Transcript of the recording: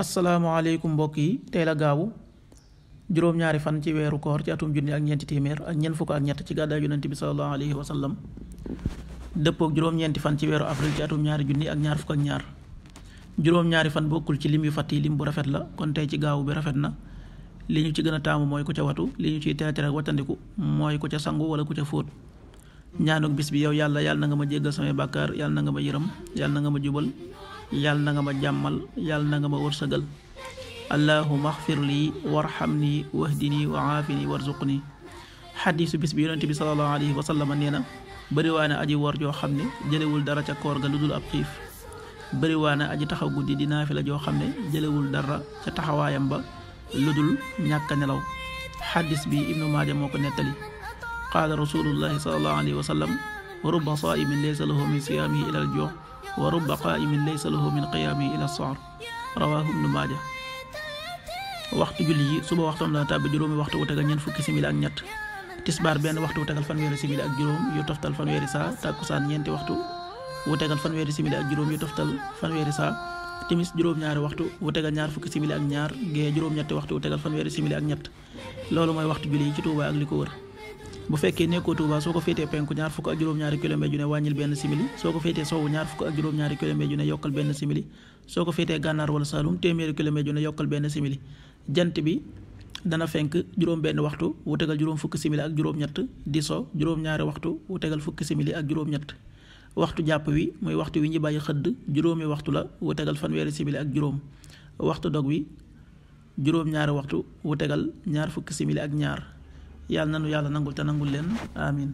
asalaamaaleykum mbokk yi tey la gaawu juróom-ñaari fan ci weeru koor ci atum junni ak ñeenti téeméer ak ñeent fukk ak ñett ci gàddaay yonent bi sallallahu alayhi wa sallam dëppook juróom-ñeenti fan ci weeru avril ci atum ñaari junni ak ñaar fukk ak ñaar juróom-ñaari fan bokkul ci lim yu fàtt yi lim bu rafet la kon tey ci gaawu bi rafet na li ñu ci gën a taamu mooy ku ca watu li ñu ciy teetere ak watandiku mooy ku ca sangu wala ku ca fóot ñaanuk bis bi yow yàlla yàlla na nga ma jéggal samay bàkkaar yàlla na nga ma yërëm yàlla na nga ma jubal yàlla na nga ma jàmmal yàlla na nga ma wërsëgal allahuma axfir lii warxam nii wahdini wa aafi nii warzuqni xadiisu bis bi yonente bi salallahu alayhi wa sallama nee na bëriwaa na aji wor joo xam ne jëlewul dara ca koor ga lu dul ab xiif bëriwaa na aj taxaw guddi di naafila joo xam ne jëlewul dara ca taxawaayam ba lu dul ñàkk nelaw xadis bi ibnu maaja moo ko nettali qaala rasulullahi salallahu alayhi wa sallam ruba saimin laysa lahu wa rubba qaa'imin laysa lahu min qiyaamihi ila soor rawaahu ibnu maaja waxtu julli yi suba waxtoom la tàbbi juróomi waxtu wu tegal fukki simili ak ñett tisbaar benn waxtu wu tegal fanweeri simili ak juróom yu toftal fanweeri saa tàkkusaan ñeenti waxtu wu tegal fanweeri simili ak juróom yu toftal fanweeri saa timis juróom-ñaari waxtu wu tegal ñaar fukki simili ak ñaar gee juróom-ñetti waxtu wu tegal fanweeri simili ak ñett loolu mooy waxtu julli yi ci Tuuba ak li ko wër bu fekkee nekkoo Touba soo ko féetee penku ñaar fukk ak juróom-ñaari kilomètre ju ne wàññil benn simili soo ko féetee sowwu ñaar fukk ak juróom-ñaari kilomètre ju ne yokkal benn simili soo ko féetee gànnaar wala Saloum téeméeri kilomètre ju ne yokkal benn simili jant bi dana fenk juróom benn waxtu wu tegal juróom fukki simili ak juróom-ñett di so waxtu wu tegal fukki simili ak juróom-ñett waxtu jàpp wi muy waxtu wi ñu bàyyi xëdd juróomi waxtu la wu tegal fanweeri simili ak juróom waxtu dog wi juróom-ñaari waxtu wu tegal ñaar fukki simili ak ñaar yàlla nanu yàlla nangul te nangul leen amin